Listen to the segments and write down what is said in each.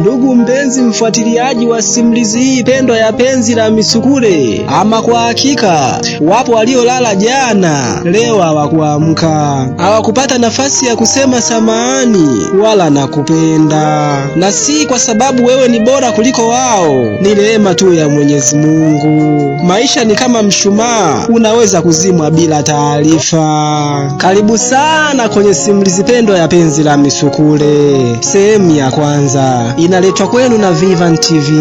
Ndugu mpenzi mfuatiliaji wa simulizi hii pendwa ya penzi la misukule, ama kwa hakika wapo waliolala jana, leo hawakuamka, hawakupata nafasi ya kusema samahani wala nakupenda, na si kwa sababu wewe ni bora kuliko wao, ni rehema tu ya Mwenyezi Mungu. Maisha ni kama mshumaa, unaweza kuzimwa bila taarifa. Karibu sana kwenye simulizi pendwa ya penzi la misukule, sehemu ya kwanza inaletwa kwenu na Vivan TV,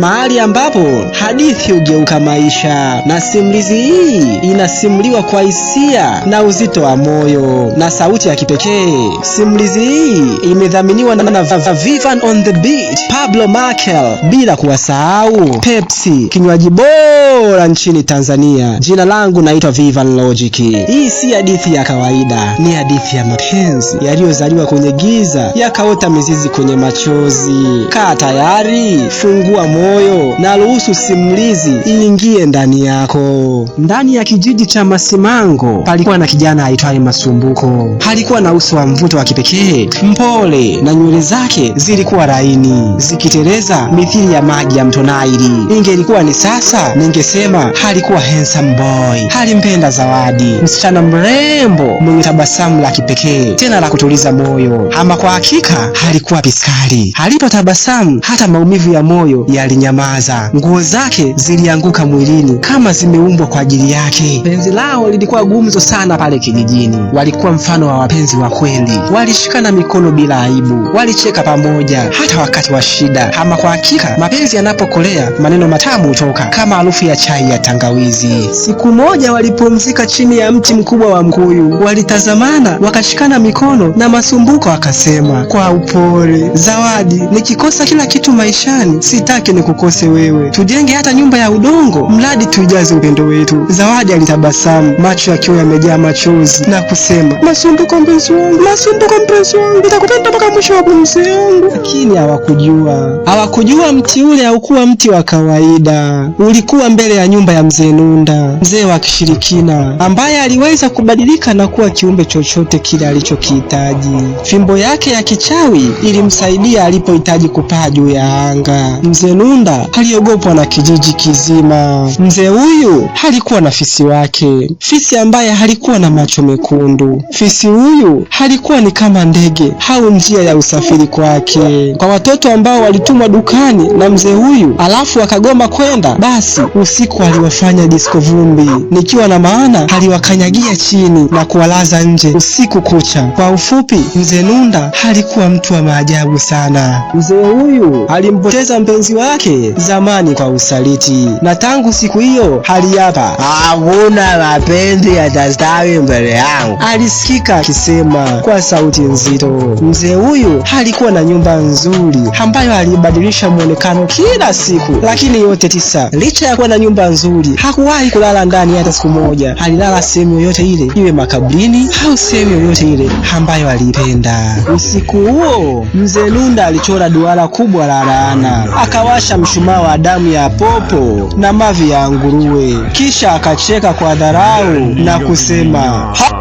mahali ambapo hadithi hugeuka maisha na simulizi hii inasimuliwa kwa hisia na uzito wa moyo na sauti ya kipekee. Simulizi hii imedhaminiwa na, na, na Vivan on the Beat, Pablo Markel, bila kuwasahau Pepsi, kinywaji bora nchini Tanzania. Jina langu naitwa Vivan Logic. Hii si hadithi ya kawaida, ni hadithi ya mapenzi yaliyozaliwa kwenye giza yakaota mizizi kwenye machozi kazi. Kaa tayari, fungua moyo na ruhusu simulizi iingie ndani yako. Ndani ya kijiji cha Masimango palikuwa na kijana aitwaye Masumbuko. Alikuwa na uso wa mvuto wa kipekee, mpole na nywele zake zilikuwa laini zikiteleza mithili ya maji ya mto Naili. Ingelikuwa ni sasa, ningesema alikuwa handsome boy. Alimpenda Zawadi, msichana mrembo mwenye tabasamu la kipekee tena la kutuliza moyo, ama kwa hakika alikuwa piskari. Alipotabasamu hata maumivu ya moyo yalinyamaza, nguo zake zilianguka mwilini kama zimeumbwa kwa ajili yake. Penzi lao lilikuwa gumzo sana pale kijijini, walikuwa mfano wa wapenzi wa kweli. Walishikana mikono bila aibu, walicheka pamoja hata wakati wa shida. Ama kwa hakika, mapenzi yanapokolea maneno matamu hutoka kama harufu ya chai ya tangawizi. Siku moja walipumzika chini ya mti mkubwa wa mkuyu, walitazamana wakashikana mikono na Masumbuko akasema kwa upole, Zawadi kazi, nikikosa kila kitu maishani, sitaki nikukose wewe. Tujenge hata nyumba ya udongo, mradi tuijaze upendo wetu. Zawadi alitabasamu, macho yakiwa yamejaa machozi na kusema, masumbuko mpenzi wangu, masumbuko mpenzi wangu, nitakupenda mpaka mwisho wa pumzi yangu. Lakini hawakujua, hawakujua mti ule haukuwa mti wa kawaida, ulikuwa mbele ya nyumba ya mzee Nunda, mzee wa kishirikina ambaye aliweza kubadilika na kuwa kiumbe chochote kile alichokihitaji. Fimbo yake ya kichawi ilimsaidia alipo alipohitaji kupaa juu ya anga. Mzee Nunda aliogopwa na kijiji kizima. Mzee huyu halikuwa na fisi wake, fisi ambaye halikuwa na macho mekundu. Fisi huyu halikuwa ni kama ndege au njia ya usafiri kwake. Kwa watoto ambao walitumwa dukani na mzee huyu alafu wakagoma kwenda, basi usiku aliwafanya disko vumbi, nikiwa na maana aliwakanyagia chini na kuwalaza nje usiku kucha. Kwa ufupi, mzee Nunda halikuwa mtu wa maajabu sana. Mzee huyu alimpoteza mpenzi wake zamani kwa usaliti, na tangu siku hiyo hapa hakuna mapenzi yatastawi mbele yangu, alisikika akisema kwa sauti nzito. Mzee huyu alikuwa na nyumba nzuri ambayo alibadilisha mwonekano kila siku, lakini yote tisa, licha ya kuwa na nyumba nzuri, hakuwahi kulala ndani hata siku moja. Alilala sehemu yoyote ile, iwe makaburini au sehemu yoyote ile ambayo aliipenda. Usiku huo mzee Lunda alichora duara kubwa la laana, akawasha mshumaa wa damu ya popo na mavi ya nguruwe, kisha akacheka kwa dharau na kusema ha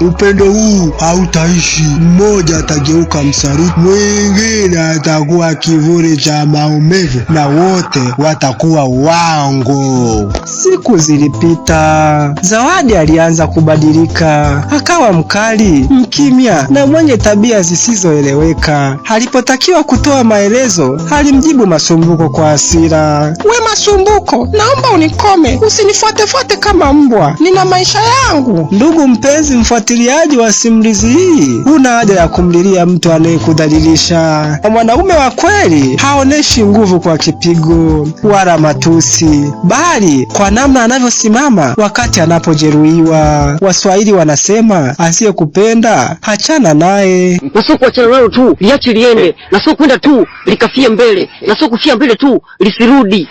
Upendo huu hautaishi, mmoja atageuka msaliti, mwingine atakuwa kivuli cha maumivu, na wote watakuwa wango. Siku zilipita, Zawadi alianza kubadilika, akawa mkali, mkimya na mwenye tabia zisizoeleweka. Alipotakiwa kutoa maelezo, alimjibu Masumbuko kwa hasira. We Masumbuko, naomba unikome, usinifuatefuate kama mbwa, nina maisha yangu. Ndugu mpenzi, mfuate Mfuatiliaji wa simulizi hii, huna haja ya kumlilia mtu anayekudhalilisha. Na mwanaume wa kweli haoneshi nguvu kwa kipigo wala matusi, bali kwa namna anavyosimama wakati anapojeruhiwa. Waswahili wanasema asiyekupenda hachana naye, na sio kuachana nalo tu, liache liende, na sio kwenda tu likafia mbele, na sio kufia mbele tu lisirudi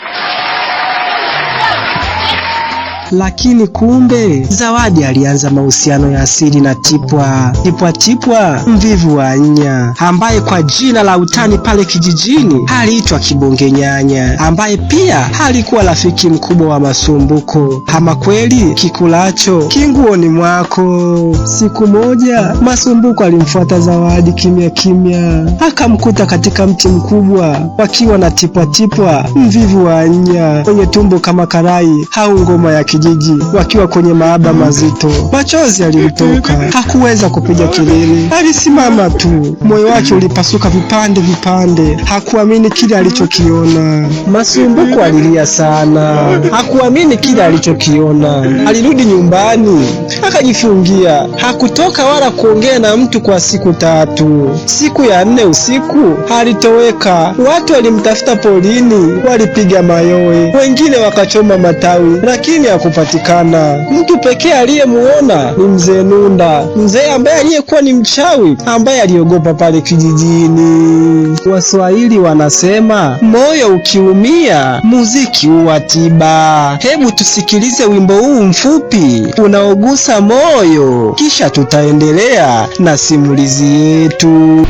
lakini kumbe Zawadi alianza mahusiano ya asili na Tipwa Tipwa Tipwa, mvivu wa nya, ambaye kwa jina la utani pale kijijini aliitwa Kibonge Nyanya, ambaye pia alikuwa rafiki mkubwa wa Masumbuko. Ama kweli kikulacho kinguoni mwako. Siku moja Masumbuko alimfuata Zawadi kimya kimya, akamkuta katika mti mkubwa wakiwa na Tipwa Tipwa mvivu wa nya kwenye tumbo kama karai au ngoma ya kijijini kijiji wakiwa kwenye maaba mazito. Machozi yalimtoka, hakuweza kupiga kelele, alisimama tu. Moyo wake ulipasuka vipande vipande, hakuamini kile alichokiona. Masumbuko alilia sana, hakuamini kile alichokiona. Alirudi nyumbani akajifungia, hakutoka wala kuongea na mtu kwa siku tatu. Siku ya nne usiku alitoweka. Watu walimtafuta polini, walipiga mayowe, wengine wakachoma matawi, lakini kupatikana. Mtu pekee aliyemuona ni mzee Nunda, mzee ambaye aliyekuwa ni mchawi ambaye aliogopa pale kijijini. Waswahili wanasema moyo ukiumia muziki huwa tiba. Hebu tusikilize wimbo huu mfupi unaogusa moyo, kisha tutaendelea na simulizi yetu.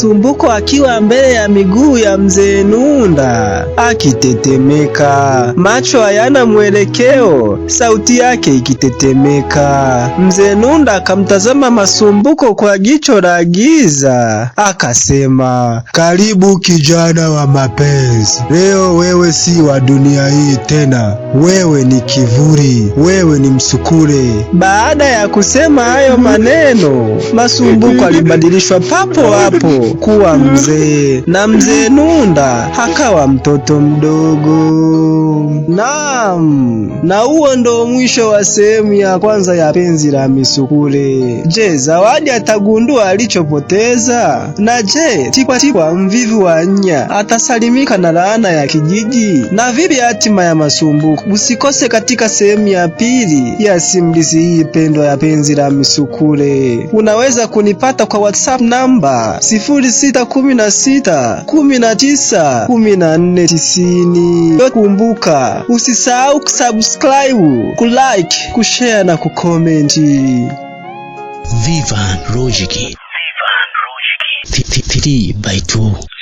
Sumbuko akiwa mbele ya miguu ya mzee Nunda akitetemeka, macho hayana mwelekeo, sauti yake ikitetemeka. Mzee Nunda akamtazama Masumbuko kwa jicho la giza, akasema, karibu kijana wa mapenzi, leo wewe si wa dunia hii tena, wewe ni kivuli, wewe ni msukule. Baada ya kusema hayo maneno, Masumbuko alibadilishwa papo hapo kuwa mzee, na mzee Nunda akawa mtoto mdogo. Naam, na huo ndo mwisho wa sehemu ya kwanza ya Penzi la Misukule. Je, Zawadi atagundua alichopoteza? Na je, Tipwatipwa mvivu wa nya atasalimika na laana ya kijiji? Na vipi hatima ya Masumbuko? Usikose katika sehemu ya pili ya simulizi hii pendwa ya Penzi la Misukule. Unaweza kunipata kwa WhatsApp namba sifuri sifuri sita kumi na sita kumi na tisa kumi na nne tisini. Kumbuka, usisahau kusubscribe, kulike, kushare na kukomenti. Viva Logic 3 by 2